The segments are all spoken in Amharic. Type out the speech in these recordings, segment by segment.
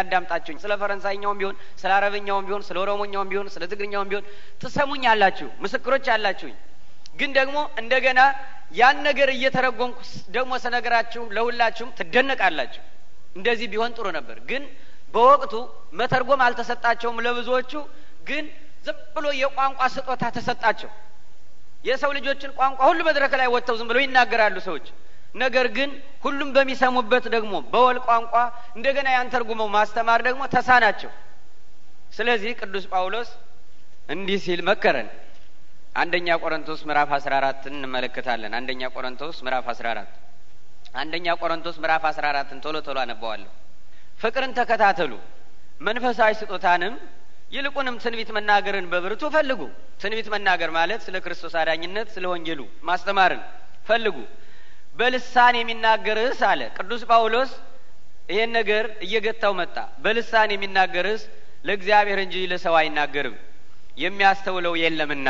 ያዳምጣችሁኝ ስለ ፈረንሳይኛውም ቢሆን ስለ አረብኛውም ቢሆን ስለ ኦሮሞኛውም ቢሆን ስለ ትግርኛውም ቢሆን ትሰሙኝ አላችሁ፣ ምስክሮች አላችሁኝ። ግን ደግሞ እንደገና ያን ነገር እየተረጎምኩ ደግሞ ስነግራችሁ ለሁላችሁም ትደነቃላችሁ። እንደዚህ ቢሆን ጥሩ ነበር፣ ግን በወቅቱ መተርጎም አልተሰጣቸውም። ለብዙዎቹ ግን ዝም ብሎ የቋንቋ ስጦታ ተሰጣቸው። የሰው ልጆችን ቋንቋ ሁሉ መድረክ ላይ ወጥተው ዝም ብለው ይናገራሉ ሰዎች። ነገር ግን ሁሉም በሚሰሙበት ደግሞ በወል ቋንቋ እንደገና ያንተርጉመው ማስተማር ደግሞ ተሳናቸው። ስለዚህ ቅዱስ ጳውሎስ እንዲህ ሲል መከረን። አንደኛ ቆሮንቶስ ምዕራፍ አስራ አራት እንመለከታለን። አንደኛ ቆሮንቶስ ምዕራፍ አስራ አራት አንደኛ ቆሮንቶስ ምዕራፍ አስራ አራትን ቶሎ ቶሎ አነባዋለሁ። ፍቅርን ተከታተሉ፣ መንፈሳዊ ስጦታንም ይልቁንም ትንቢት መናገርን በብርቱ ፈልጉ። ትንቢት መናገር ማለት ስለ ክርስቶስ አዳኝነት፣ ስለ ወንጌሉ ማስተማርን ፈልጉ በልሳን የሚናገርስ አለ ቅዱስ ጳውሎስ። ይሄን ነገር እየገታው መጣ። በልሳን የሚናገርስ ለእግዚአብሔር እንጂ ለሰው አይናገርም የሚያስተውለው የለምና።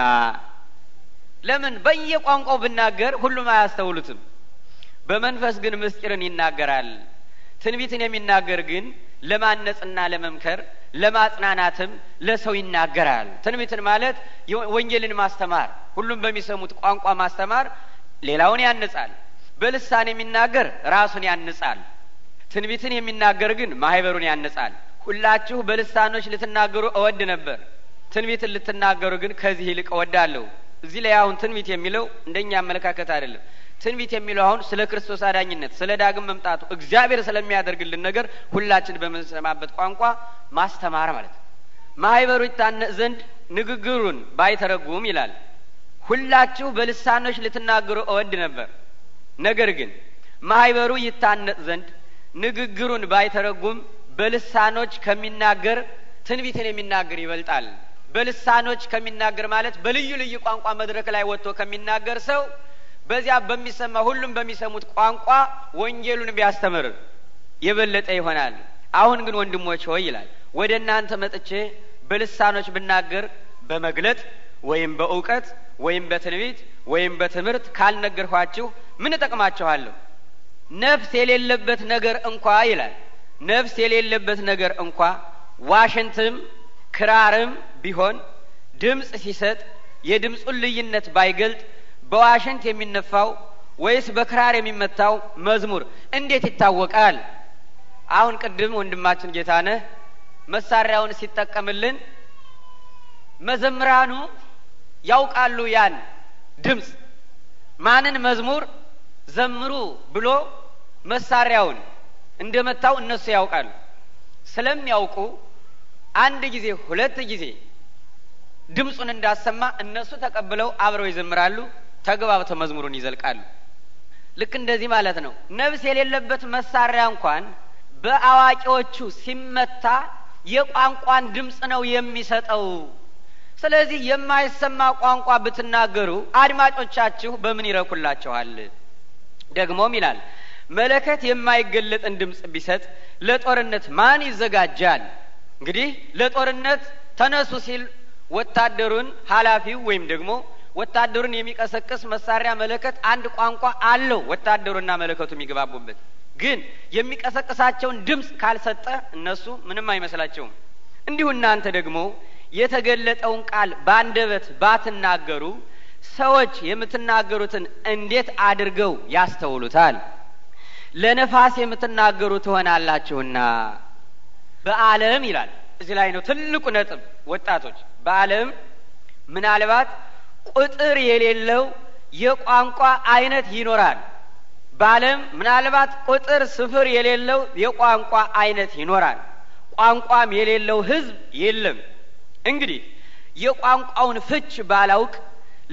ለምን በየቋንቋው ብናገር ሁሉም አያስተውሉትም። በመንፈስ ግን ምስጢርን ይናገራል። ትንቢትን የሚናገር ግን ለማነጽና ለመምከር ለማጽናናትም ለሰው ይናገራል። ትንቢትን ማለት ወንጌልን ማስተማር፣ ሁሉም በሚሰሙት ቋንቋ ማስተማር ሌላውን ያነጻል፣ በልሳን የሚናገር ራሱን ያንጻል፣ ትንቢትን የሚናገር ግን ማህበሩን ያንጻል። ሁላችሁ በልሳኖች ልትናገሩ እወድ ነበር፣ ትንቢትን ልትናገሩ ግን ከዚህ ይልቅ እወዳለሁ። እዚህ ላይ አሁን ትንቢት የሚለው እንደኛ አመለካከት አይደለም። ትንቢት የሚለው አሁን ስለ ክርስቶስ አዳኝነት፣ ስለ ዳግም መምጣቱ እግዚአብሔር ስለሚያደርግልን ነገር ሁላችን በምንሰማበት ቋንቋ ማስተማር ማለት ነው። ማህበሩ ይታነጽ ዘንድ ንግግሩን ባይተረጉም ይላል። ሁላችሁ በልሳኖች ልትናገሩ እወድ ነበር ነገር ግን ማህበሩ ይታነጽ ዘንድ ንግግሩን ባይተረጉም በልሳኖች ከሚናገር ትንቢትን የሚናገር ይበልጣል። በልሳኖች ከሚናገር ማለት በልዩ ልዩ ቋንቋ መድረክ ላይ ወጥቶ ከሚናገር ሰው በዚያ በሚሰማ ሁሉም በሚሰሙት ቋንቋ ወንጌሉን ቢያስተምር የበለጠ ይሆናል። አሁን ግን ወንድሞች ሆይ ይላል ወደ እናንተ መጥቼ በልሳኖች ብናገር በመግለጥ ወይም በእውቀት ወይም በትንቢት ወይም በትምህርት ካልነገርኋችሁ ምን እጠቅማችኋለሁ? ነፍስ የሌለበት ነገር እንኳ ይላል። ነፍስ የሌለበት ነገር እንኳ ዋሽንትም ክራርም ቢሆን ድምፅ ሲሰጥ የድምፁን ልዩነት ባይገልጥ በዋሽንት የሚነፋው ወይስ በክራር የሚመታው መዝሙር እንዴት ይታወቃል? አሁን ቅድም ወንድማችን ጌታ ነ መሳሪያውን ሲጠቀምልን መዘምራኑ ያውቃሉ ያን ድምፅ ማንን መዝሙር ዘምሩ ብሎ መሳሪያውን እንደመታው እነሱ ያውቃሉ። ስለሚያውቁ አንድ ጊዜ ሁለት ጊዜ ድምፁን እንዳሰማ እነሱ ተቀብለው አብረው ይዘምራሉ፣ ተግባብተው መዝሙሩን ይዘልቃሉ። ልክ እንደዚህ ማለት ነው። ነፍስ የሌለበት መሳሪያ እንኳን በአዋቂዎቹ ሲመታ የቋንቋን ድምፅ ነው የሚሰጠው። ስለዚህ የማይሰማ ቋንቋ ብትናገሩ አድማጮቻችሁ በምን ይረኩላችኋል? ደግሞም ይላል መለከት የማይገለጥን ድምፅ ቢሰጥ ለጦርነት ማን ይዘጋጃል? እንግዲህ ለጦርነት ተነሱ ሲል ወታደሩን ኃላፊው ወይም ደግሞ ወታደሩን የሚቀሰቅስ መሳሪያ መለከት አንድ ቋንቋ አለው። ወታደሩና መለከቱ የሚገባቡበት ግን የሚቀሰቅሳቸውን ድምፅ ካልሰጠ እነሱ ምንም አይመስላቸውም። እንዲሁ እናንተ ደግሞ የተገለጠውን ቃል ባንደበት ባትናገሩ ሰዎች የምትናገሩትን እንዴት አድርገው ያስተውሉታል? ለነፋስ የምትናገሩ ትሆናላችሁና በአለም ይላል። እዚህ ላይ ነው ትልቁ ነጥብ። ወጣቶች በአለም ምናልባት ቁጥር የሌለው የቋንቋ አይነት ይኖራል። በአለም ምናልባት ቁጥር ስፍር የሌለው የቋንቋ አይነት ይኖራል። ቋንቋም የሌለው ህዝብ የለም። እንግዲህ የቋንቋውን ፍች ባላውቅ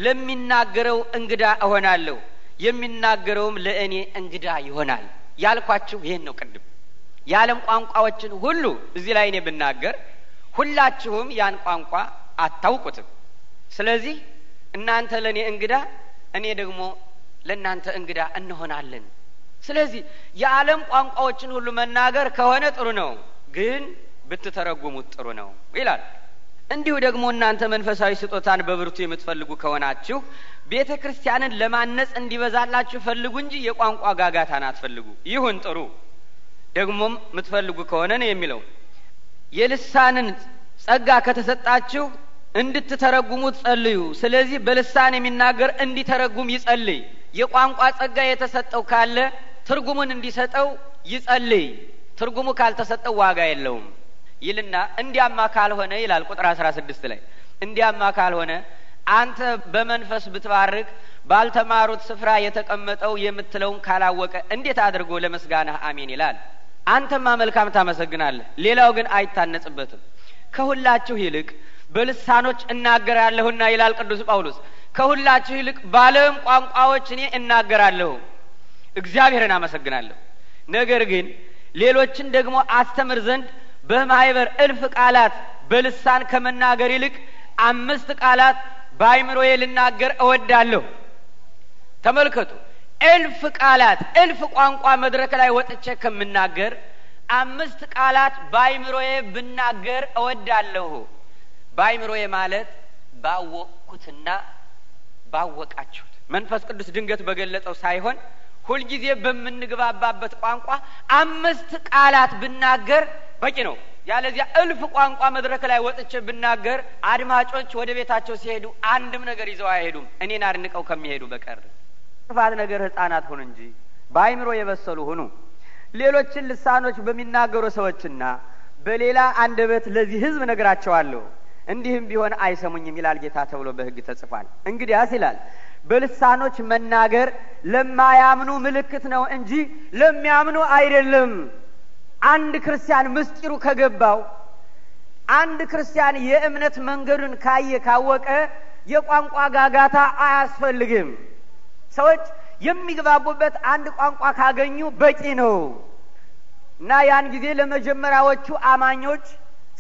ለሚናገረው እንግዳ እሆናለሁ፣ የሚናገረውም ለእኔ እንግዳ ይሆናል። ያልኳችሁ ይህን ነው። ቅድም የዓለም ቋንቋዎችን ሁሉ እዚህ ላይ እኔ ብናገር ሁላችሁም ያን ቋንቋ አታውቁትም። ስለዚህ እናንተ ለእኔ እንግዳ፣ እኔ ደግሞ ለእናንተ እንግዳ እንሆናለን። ስለዚህ የዓለም ቋንቋዎችን ሁሉ መናገር ከሆነ ጥሩ ነው፣ ግን ብትተረጉሙት ጥሩ ነው ይላል። እንዲሁ ደግሞ እናንተ መንፈሳዊ ስጦታን በብርቱ የምትፈልጉ ከሆናችሁ ቤተ ክርስቲያንን ለማነጽ እንዲበዛላችሁ ፈልጉ እንጂ የቋንቋ ጋጋታን አትፈልጉ። ይሁን ጥሩ። ደግሞም የምትፈልጉ ከሆነ ነው የሚለው የልሳንን ጸጋ ከተሰጣችሁ እንድትተረጉሙት ጸልዩ። ስለዚህ በልሳን የሚናገር እንዲተረጉም ይጸልይ። የቋንቋ ጸጋ የተሰጠው ካለ ትርጉሙን እንዲሰጠው ይጸልይ። ትርጉሙ ካልተሰጠው ዋጋ የለውም። ይልና እንዲያማ ካልሆነ ይላል ቁጥር አስራ ስድስት ላይ እንዲያማ ካልሆነ አንተ በመንፈስ ብትባርክ ባልተማሩት ስፍራ የተቀመጠው የምትለውን ካላወቀ እንዴት አድርጎ ለመስጋናህ አሜን ይላል። አንተማ መልካም ታመሰግናለህ፣ ሌላው ግን አይታነጽበትም። ከሁላችሁ ይልቅ በልሳኖች እናገራለሁና ይላል ቅዱስ ጳውሎስ። ከሁላችሁ ይልቅ ባለም ቋንቋዎች እኔ እናገራለሁ፣ እግዚአብሔርን አመሰግናለሁ። ነገር ግን ሌሎችን ደግሞ አስተምር ዘንድ በማይበር እልፍ ቃላት በልሳን ከመናገር ይልቅ አምስት ቃላት በአይምሮዬ ልናገር እወዳለሁ። ተመልከቱ፣ እልፍ ቃላት እልፍ ቋንቋ መድረክ ላይ ወጥቼ ከምናገር አምስት ቃላት በአይምሮዬ ብናገር እወዳለሁ። በአይምሮዬ ማለት ባወቅኩትና ባወቃችሁት መንፈስ ቅዱስ ድንገት በገለጠው ሳይሆን ሁልጊዜ በምንግባባበት ቋንቋ አምስት ቃላት ብናገር በቂ ነው። ያለዚያ እልፍ ቋንቋ መድረክ ላይ ወጥቼ ብናገር አድማጮች ወደ ቤታቸው ሲሄዱ አንድም ነገር ይዘው አይሄዱም እኔን አድንቀው ከሚሄዱ በቀር። ጥፋት ነገር ህፃናት ሁኑ እንጂ በአይምሮ የበሰሉ ሁኑ። ሌሎችን ልሳኖች በሚናገሩ ሰዎችና በሌላ አንደበት ለዚህ ህዝብ ነግራቸዋለሁ እንዲህም ቢሆን አይሰሙኝም ይላል ጌታ ተብሎ በህግ ተጽፏል። እንግዲያስ ይላል በልሳኖች መናገር ለማያምኑ ምልክት ነው እንጂ ለሚያምኑ አይደለም። አንድ ክርስቲያን ምስጢሩ ከገባው አንድ ክርስቲያን የእምነት መንገዱን ካየ ካወቀ የቋንቋ ጋጋታ አያስፈልግም። ሰዎች የሚግባቡበት አንድ ቋንቋ ካገኙ በቂ ነው እና ያን ጊዜ ለመጀመሪያዎቹ አማኞች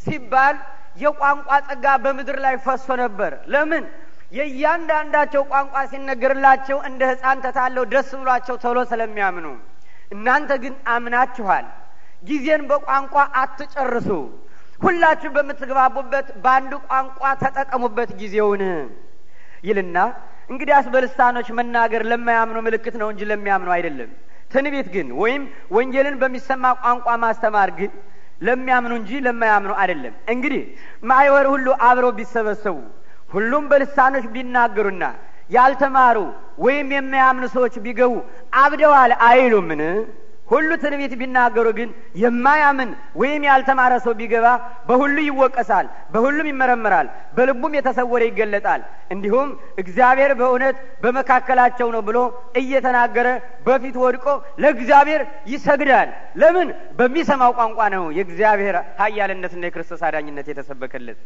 ሲባል የቋንቋ ጸጋ በምድር ላይ ፈሶ ነበር። ለምን? የእያንዳንዳቸው ቋንቋ ሲነገርላቸው እንደ ሕፃን ተታለው ደስ ብሏቸው ቶሎ ስለሚያምኑ። እናንተ ግን አምናችኋል ጊዜን በቋንቋ አትጨርሱ። ሁላችሁ በምትግባቡበት በአንዱ ቋንቋ ተጠቀሙበት ጊዜውን ይልና እንግዲያስ በልሳኖች መናገር ለማያምኑ ምልክት ነው እንጂ ለሚያምኑ አይደለም። ትንቢት ግን ወይም ወንጌልን በሚሰማ ቋንቋ ማስተማር ግን ለሚያምኑ እንጂ ለማያምኑ አይደለም። እንግዲህ ማይወር ሁሉ አብረው ቢሰበሰቡ ሁሉም በልሳኖች ቢናገሩና ያልተማሩ ወይም የማያምኑ ሰዎች ቢገቡ አብደዋል አይሉምን? ሁሉ ትንቢት ቢናገሩ ግን የማያምን ወይም ያልተማረ ሰው ቢገባ በሁሉ ይወቀሳል፣ በሁሉም ይመረመራል፣ በልቡም የተሰወረ ይገለጣል። እንዲሁም እግዚአብሔር በእውነት በመካከላቸው ነው ብሎ እየተናገረ በፊት ወድቆ ለእግዚአብሔር ይሰግዳል። ለምን? በሚሰማው ቋንቋ ነው የእግዚአብሔር ኃያልነትና የክርስቶስ አዳኝነት የተሰበከለት።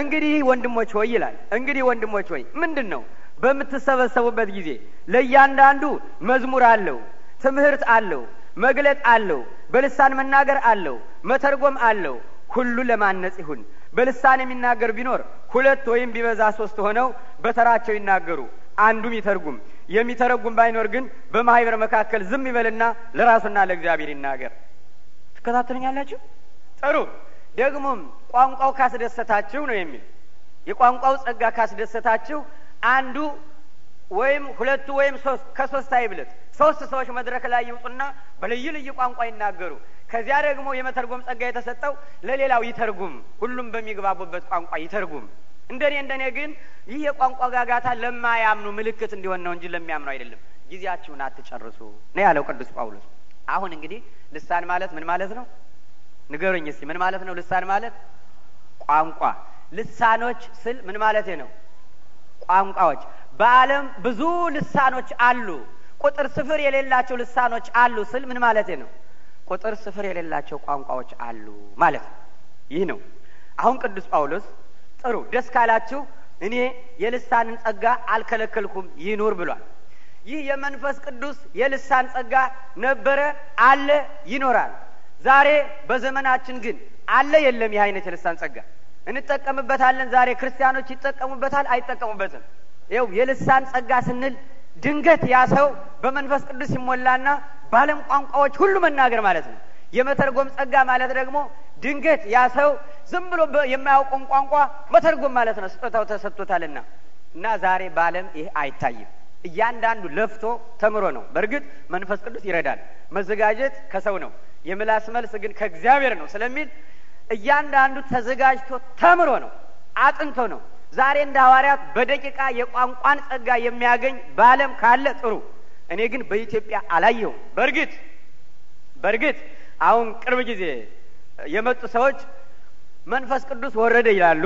እንግዲህ ወንድሞች ሆይ ይላል። እንግዲህ ወንድሞች ሆይ ምንድን ነው? በምትሰበሰቡበት ጊዜ ለእያንዳንዱ መዝሙር አለው፣ ትምህርት አለው መግለጥ አለው፣ በልሳን መናገር አለው፣ መተርጎም አለው። ሁሉ ለማነጽ ይሁን። በልሳን የሚናገር ቢኖር ሁለት ወይም ቢበዛ ሶስት ሆነው በተራቸው ይናገሩ፣ አንዱም ይተርጉም። የሚተረጉም ባይኖር ግን በማህበር መካከል ዝም ይበልና ለራሱና ለእግዚአብሔር ይናገር። ትከታተሉኛላችሁ? ጥሩ። ደግሞም ቋንቋው ካስደሰታችሁ ነው የሚል የቋንቋው ጸጋ ካስደሰታችሁ አንዱ ወይም ሁለቱ ወይም ሶስት ከሶስት አይብልጥ። ሶስት ሰዎች መድረክ ላይ ይውጡና በልዩ ልዩ ቋንቋ ይናገሩ። ከዚያ ደግሞ የመተርጎም ጸጋ የተሰጠው ለሌላው ይተርጉም፣ ሁሉም በሚግባቡበት ቋንቋ ይተርጉም። እንደኔ እንደኔ ግን ይህ የቋንቋ ጋጋታ ለማያምኑ ምልክት እንዲሆን ነው እንጂ ለሚያምኑ አይደለም። ጊዜያችሁን አትጨርሱ ነው ያለው ቅዱስ ጳውሎስ። አሁን እንግዲህ ልሳን ማለት ምን ማለት ነው? ንገሩኝ እስቲ ምን ማለት ነው? ልሳን ማለት ቋንቋ። ልሳኖች ስል ምን ማለት ነው? ቋንቋዎች በዓለም ብዙ ልሳኖች አሉ። ቁጥር ስፍር የሌላቸው ልሳኖች አሉ ስል ምን ማለት ነው? ቁጥር ስፍር የሌላቸው ቋንቋዎች አሉ ማለት ነው። ይህ ነው አሁን ቅዱስ ጳውሎስ ጥሩ ደስ ካላችሁ እኔ የልሳንን ጸጋ አልከለከልኩም ይኑር ብሏል። ይህ የመንፈስ ቅዱስ የልሳን ጸጋ ነበረ፣ አለ፣ ይኖራል። ዛሬ በዘመናችን ግን አለ የለም? ይህ አይነት የልሳን ጸጋ እንጠቀምበታለን። ዛሬ ክርስቲያኖች ይጠቀሙበታል አይጠቀሙበትም? ይኸው የልሳን ጸጋ ስንል ድንገት ያ ሰው በመንፈስ ቅዱስ ይሞላና በዓለም ቋንቋዎች ሁሉ መናገር ማለት ነው። የመተርጎም ጸጋ ማለት ደግሞ ድንገት ያ ሰው ዝም ብሎ የማያውቀውን ቋንቋ መተርጎም ማለት ነው። ስጦታው ተሰጥቶታልና እና ዛሬ በዓለም ይህ አይታይም። እያንዳንዱ ለፍቶ ተምሮ ነው። በእርግጥ መንፈስ ቅዱስ ይረዳል። መዘጋጀት ከሰው ነው፣ የምላስ መልስ ግን ከእግዚአብሔር ነው ስለሚል እያንዳንዱ ተዘጋጅቶ ተምሮ ነው፣ አጥንቶ ነው ዛሬ እንደ ሐዋርያት በደቂቃ የቋንቋን ጸጋ የሚያገኝ በዓለም ካለ ጥሩ። እኔ ግን በኢትዮጵያ አላየሁም። በእርግጥ በእርግጥ አሁን ቅርብ ጊዜ የመጡ ሰዎች መንፈስ ቅዱስ ወረደ ይላሉ፣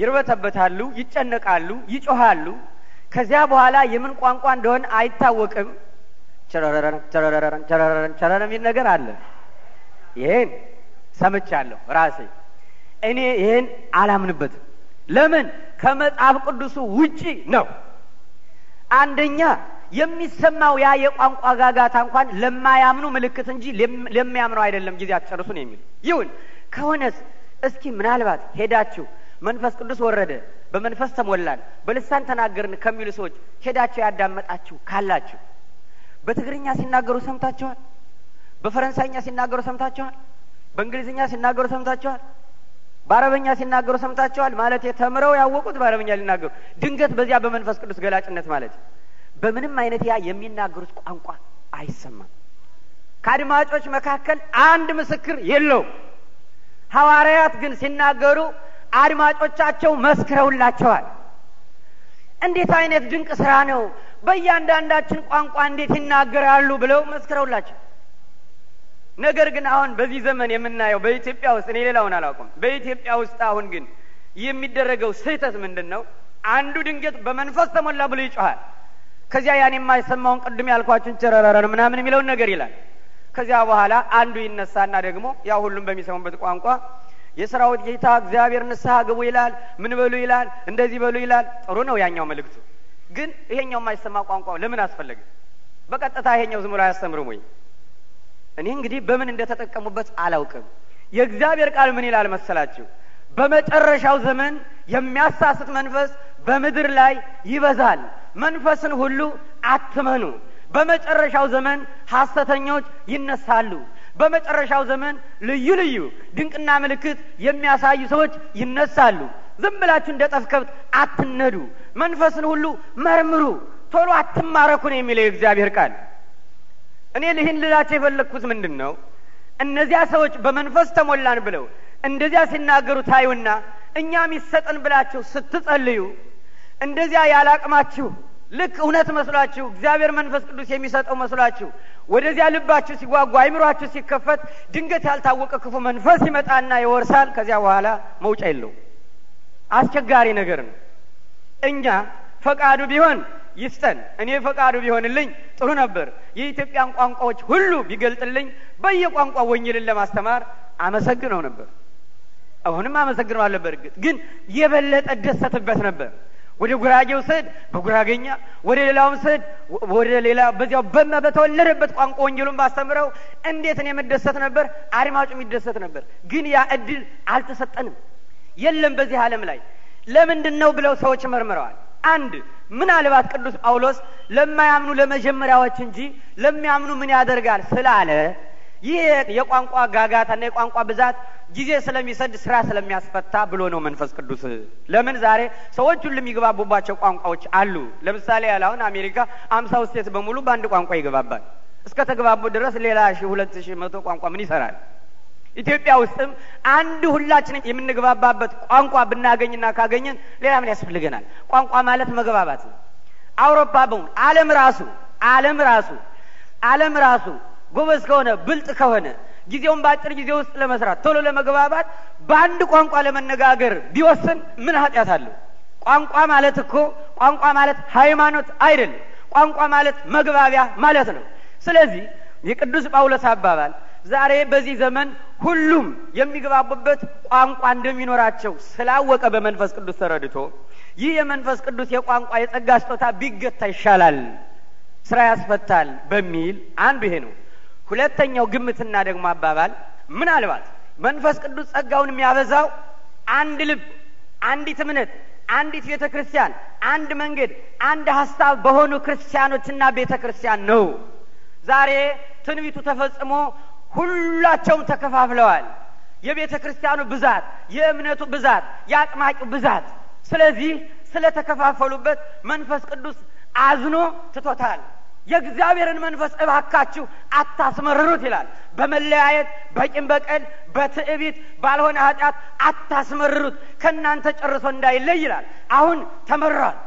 ይርበተበታሉ፣ ይጨነቃሉ፣ ይጮሃሉ። ከዚያ በኋላ የምን ቋንቋ እንደሆነ አይታወቅም። ቸረረረን ቸረረረን ቸረረረን የሚል ነገር አለ። ይሄን ሰምቻለሁ ራሴ። እኔ ይሄን አላምንበትም። ለምን ከመጽሐፍ ቅዱሱ ውጪ ነው። አንደኛ የሚሰማው ያ የቋንቋ ጋጋታ እንኳን ለማያምኑ ምልክት እንጂ ለሚያምነው አይደለም። ጊዜ አትጨርሱ ነው የሚሉ ይሁን። ከሆነስ እስኪ ምናልባት ሄዳችሁ መንፈስ ቅዱስ ወረደ፣ በመንፈስ ተሞላን፣ በልሳን ተናገርን ከሚሉ ሰዎች ሄዳችሁ ያዳመጣችሁ ካላችሁ በትግርኛ ሲናገሩ ሰምታችኋል። በፈረንሳይኛ ሲናገሩ ሰምታችኋል። በእንግሊዝኛ ሲናገሩ ሰምታችኋል። በአረበኛ ሲናገሩ ሰምታቸዋል ማለት ተምረው ያወቁት በአረበኛ ሊናገሩ ድንገት በዚያ በመንፈስ ቅዱስ ገላጭነት ማለት በምንም አይነት ያ የሚናገሩት ቋንቋ አይሰማም። ከአድማጮች መካከል አንድ ምስክር የለውም። ሐዋርያት ግን ሲናገሩ አድማጮቻቸው መስክረውላቸዋል። እንዴት አይነት ድንቅ ስራ ነው! በእያንዳንዳችን ቋንቋ እንዴት ይናገራሉ ብለው መስክረውላቸው ነገር ግን አሁን በዚህ ዘመን የምናየው በኢትዮጵያ ውስጥ እኔ ሌላውን አላውቅም። በኢትዮጵያ ውስጥ አሁን ግን የሚደረገው ስህተት ምንድን ነው? አንዱ ድንገት በመንፈስ ተሞላ ብሎ ይጮኋል። ከዚያ ያን የማይሰማውን ቅድም ያልኳችሁን ጨረረረን ምናምን የሚለውን ነገር ይላል። ከዚያ በኋላ አንዱ ይነሳና ደግሞ ያው ሁሉም በሚሰሙበት ቋንቋ የሰራዊት ጌታ እግዚአብሔር ንስሐ ግቡ ይላል፣ ምን በሉ ይላል፣ እንደዚህ በሉ ይላል። ጥሩ ነው ያኛው መልእክቱ። ግን ይሄኛው የማይሰማ ቋንቋ ለምን አስፈለገ? በቀጥታ ይሄኛው ዝም ብሎ አያስተምርም ወይ? እኔ እንግዲህ በምን እንደተጠቀሙበት አላውቅም። የእግዚአብሔር ቃል ምን ይላል መሰላችሁ? በመጨረሻው ዘመን የሚያሳስት መንፈስ በምድር ላይ ይበዛል፣ መንፈስን ሁሉ አትመኑ። በመጨረሻው ዘመን ሐሰተኞች ይነሳሉ። በመጨረሻው ዘመን ልዩ ልዩ ድንቅና ምልክት የሚያሳዩ ሰዎች ይነሳሉ። ዝም ብላችሁ እንደ ጠፍከብት አትነዱ፣ መንፈስን ሁሉ መርምሩ፣ ቶሎ አትማረኩን የሚለው የእግዚአብሔር ቃል። እኔ ልህን ልላቸው የፈለግኩት ምንድን ነው እነዚያ ሰዎች በመንፈስ ተሞላን ብለው እንደዚያ ሲናገሩ ታዩና እኛም ይሰጠን ብላችሁ ስትጸልዩ እንደዚያ ያላቅማችሁ ልክ እውነት መስሏችሁ እግዚአብሔር መንፈስ ቅዱስ የሚሰጠው መስሏችሁ ወደዚያ ልባችሁ ሲጓጓ አይምሯችሁ ሲከፈት ድንገት ያልታወቀ ክፉ መንፈስ ይመጣና ይወርሳል። ከዚያ በኋላ መውጫ የለው። አስቸጋሪ ነገር ነው። እኛ ፈቃዱ ቢሆን ይስጠን። እኔ ፈቃዱ ቢሆንልኝ ጥሩ ነበር። የኢትዮጵያን ቋንቋዎች ሁሉ ቢገልጥልኝ በየቋንቋ ወንጌልን ለማስተማር አመሰግነው ነበር። አሁንም አመሰግነዋለሁ። በእርግጥ ግን የበለጠ ደሰትበት ነበር። ወደ ጉራጌው ስድ በጉራጌኛ ወደ ሌላውም ስድ ወደ ሌላ በዚያው በማ በተወለደበት ቋንቋ ወንጌሉን ባስተምረው እንዴት እኔ የምደሰት ነበር፣ አድማጩም ይደሰት ነበር። ግን ያ እድል አልተሰጠንም፣ የለም በዚህ ዓለም ላይ ለምንድን ነው ብለው ሰዎች መርምረዋል። አንድ ምናልባት ቅዱስ ጳውሎስ ለማያምኑ ለመጀመሪያዎች እንጂ ለሚያምኑ ምን ያደርጋል ስላለ ይህ የቋንቋ ጋጋታና የቋንቋ ብዛት ጊዜ ስለሚሰድ ስራ ስለሚያስፈታ ብሎ ነው መንፈስ ቅዱስ። ለምን ዛሬ ሰዎች ሁሉ ቋንቋዎች አሉ። ለምሳሌ ያለ አሁን አሜሪካ አምሳ ውስቴት በሙሉ በአንድ ቋንቋ ይገባባል። እስከ ተግባቡ ድረስ ሌላ ሺህ ሁለት ሺህ መቶ ቋንቋ ምን ይሰራል? ኢትዮጵያ ውስጥም አንድ ሁላችንም የምንግባባበት ቋንቋ ብናገኝና ካገኘን ሌላ ምን ያስፈልገናል? ቋንቋ ማለት መግባባት ነው። አውሮፓ በሙሉ ዓለም ራሱ ዓለም ራሱ ዓለም ራሱ ጎበዝ ከሆነ ብልጥ ከሆነ ጊዜውን በአጭር ጊዜ ውስጥ ለመስራት ቶሎ ለመግባባት በአንድ ቋንቋ ለመነጋገር ቢወስን ምን ኃጢአት አለው? ቋንቋ ማለት እኮ ቋንቋ ማለት ሃይማኖት አይደለም። ቋንቋ ማለት መግባቢያ ማለት ነው። ስለዚህ የቅዱስ ጳውሎስ አባባል ዛሬ በዚህ ዘመን ሁሉም የሚግባቡበት ቋንቋ እንደሚኖራቸው ስላወቀ በመንፈስ ቅዱስ ተረድቶ ይህ የመንፈስ ቅዱስ የቋንቋ የጸጋ ስጦታ ቢገታ ይሻላል፣ ስራ ያስፈታል በሚል አንዱ ይሄ ነው። ሁለተኛው ግምትና ደግሞ አባባል ምናልባት መንፈስ ቅዱስ ጸጋውን የሚያበዛው አንድ ልብ፣ አንዲት እምነት፣ አንዲት ቤተ ክርስቲያን፣ አንድ መንገድ፣ አንድ ሀሳብ በሆኑ ክርስቲያኖችና ቤተ ክርስቲያን ነው። ዛሬ ትንቢቱ ተፈጽሞ ሁላቸውም ተከፋፍለዋል። የቤተ ክርስቲያኑ ብዛት፣ የእምነቱ ብዛት፣ የአጥማቂው ብዛት። ስለዚህ ስለተከፋፈሉበት መንፈስ ቅዱስ አዝኖ ትቶታል። የእግዚአብሔርን መንፈስ እባካችሁ አታስመርሩት ይላል። በመለያየት በቂም በቀል በትዕቢት ባልሆነ ኃጢአት አታስመርሩት ከእናንተ ጨርሶ እንዳይለይ ይላል። አሁን ተመርሯል።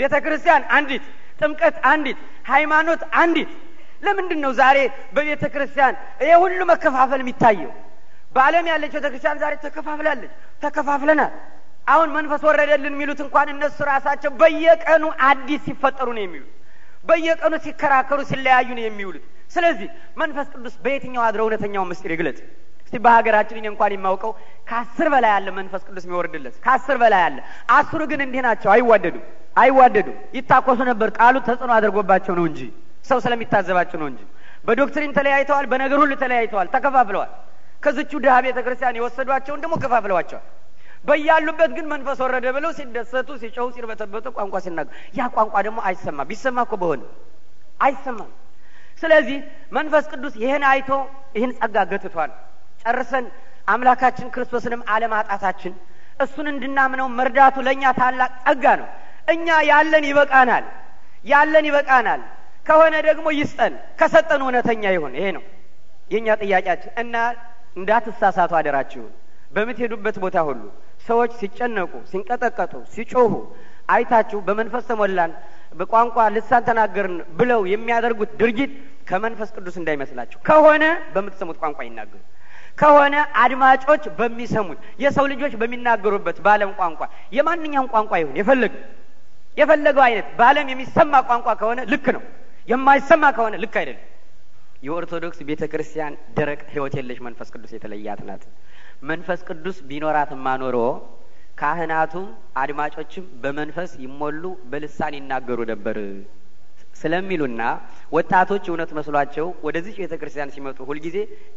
ቤተ ክርስቲያን አንዲት፣ ጥምቀት አንዲት፣ ሃይማኖት አንዲት ለምንድን ነው ዛሬ በቤተ ክርስቲያን ይሄ ሁሉ መከፋፈል የሚታየው? በዓለም ያለች ቤተ ክርስቲያን ዛሬ ተከፋፍላለች፣ ተከፋፍለናል። አሁን መንፈስ ወረደልን የሚሉት እንኳን እነሱ ራሳቸው በየቀኑ አዲስ ሲፈጠሩ ነው የሚሉት፣ በየቀኑ ሲከራከሩ ሲለያዩ ነው የሚውሉት። ስለዚህ መንፈስ ቅዱስ በየትኛው አድረው እውነተኛው ምስጢር ይግለጽ። እስቲ በሀገራችን እኔ እንኳን የማውቀው ከአስር በላይ ያለ መንፈስ ቅዱስ የሚወርድለት ከአስር በላይ ያለ። አስሩ ግን እንዲህ ናቸው፣ አይዋደዱም አይዋደዱም ይታኮሱ ነበር። ቃሉ ተጽዕኖ አድርጎባቸው ነው እንጂ ሰው ስለሚታዘባቸው ነው እንጂ በዶክትሪን ተለያይተዋል፣ በነገር ሁሉ ተለያይተዋል፣ ተከፋፍለዋል። ከዝቹ ድሀ ቤተ ክርስቲያን የወሰዷቸውን ደግሞ ከፋፍለዋቸዋል። በያሉበት ግን መንፈስ ወረደ ብለው ሲደሰቱ፣ ሲጨው ሲርበተበቱ ቋንቋ ሲናገሩ ያ ቋንቋ ደግሞ አይሰማም። ቢሰማ እኮ በሆነ አይሰማም። ስለዚህ መንፈስ ቅዱስ ይህን አይቶ ይህን ጸጋ ገትቷል። ጨርሰን አምላካችን ክርስቶስንም አለማጣታችን እሱን እንድናምነው መርዳቱ ለእኛ ታላቅ ጸጋ ነው። እኛ ያለን ይበቃናል፣ ያለን ይበቃናል። ከሆነ ደግሞ ይስጠን፣ ከሰጠን እውነተኛ ይሁን። ይሄ ነው የእኛ ጥያቄያችን እና እንዳትሳሳቱ አደራችሁን። በምትሄዱበት ቦታ ሁሉ ሰዎች ሲጨነቁ፣ ሲንቀጠቀጡ፣ ሲጮሁ አይታችሁ በመንፈስ ተሞላን በቋንቋ ልሳን ተናገርን ብለው የሚያደርጉት ድርጊት ከመንፈስ ቅዱስ እንዳይመስላችሁ። ከሆነ በምትሰሙት ቋንቋ ይናገሩ፣ ከሆነ አድማጮች በሚሰሙት የሰው ልጆች በሚናገሩበት በአለም ቋንቋ የማንኛውም ቋንቋ ይሁን የፈለገው የፈለገው አይነት በአለም የሚሰማ ቋንቋ ከሆነ ልክ ነው። የማይሰማ ከሆነ ልክ አይደለም። የኦርቶዶክስ ቤተ ክርስቲያን ደረቅ ሕይወት የለሽ መንፈስ ቅዱስ የተለያት ናት። መንፈስ ቅዱስ ቢኖራት ማኖሮ ካህናቱም አድማጮችም በመንፈስ ይሞሉ በልሳን ይናገሩ ነበር ስለሚሉና ወጣቶች እውነት መስሏቸው ወደዚች ቤተ ክርስቲያን ሲመጡ ሁልጊዜ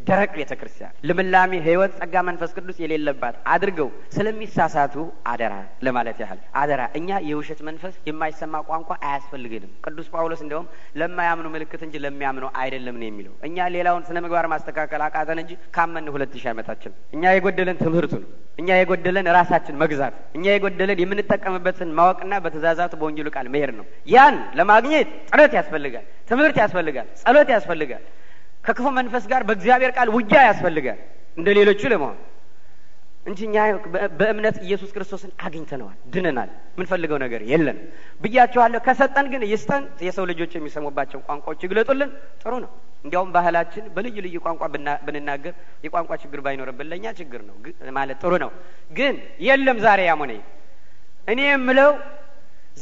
ደረቅ ቤተ ክርስቲያን፣ ልምላሜ፣ ሕይወት፣ ጸጋ፣ መንፈስ ቅዱስ የሌለባት አድርገው ስለሚሳሳቱ አደራ ለማለት ያህል አደራ። እኛ የውሸት መንፈስ የማይሰማ ቋንቋ አያስፈልግንም። ቅዱስ ጳውሎስ እንዲያውም ለማያምኑ ምልክት እንጂ ለሚያምኑ አይደለም ነው የሚለው። እኛ ሌላውን ስነ ምግባር ማስተካከል አቃተን እንጂ ካመን ሁለት ሺህ ዓመታችን። እኛ የጎደለን ትምህርቱ ነው። እኛ የጎደለን ራሳችን መግዛት፣ እኛ የጎደለን የምንጠቀምበትን ማወቅና በትእዛዛቱ በወንጌሉ ቃል መሄድ ነው። ያን ለማግኘት ጥረት ያስፈልጋል። ትምህርት ያስፈልጋል፣ ጸሎት ያስፈልጋል፣ ከክፉ መንፈስ ጋር በእግዚአብሔር ቃል ውጊያ ያስፈልጋል እንደ ሌሎቹ ለመሆን እንጂ እኛ በእምነት ኢየሱስ ክርስቶስን አግኝተነዋል፣ ድነናል፣ የምንፈልገው ነገር የለን ብያቸዋለሁ። ከሰጠን ግን ይስጠን። የሰው ልጆች የሚሰሙባቸው ቋንቋዎች ይግለጡልን። ጥሩ ነው። እንዲያውም ባህላችን በልዩ ልዩ ቋንቋ ብንናገር የቋንቋ ችግር ባይኖርብን ለእኛ ችግር ነው ማለት ጥሩ ነው። ግን የለም ዛሬ ያሞነ እኔ የምለው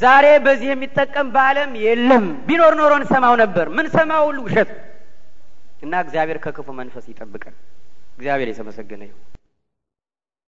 ዛሬ በዚህ የሚጠቀም በአለም የለም። ቢኖር ኖሮ እንሰማው ነበር። ምን ሰማው ውሸት እና እግዚአብሔር ከክፉ መንፈስ ይጠብቀን። እግዚአብሔር የተመሰገነ ይሁን።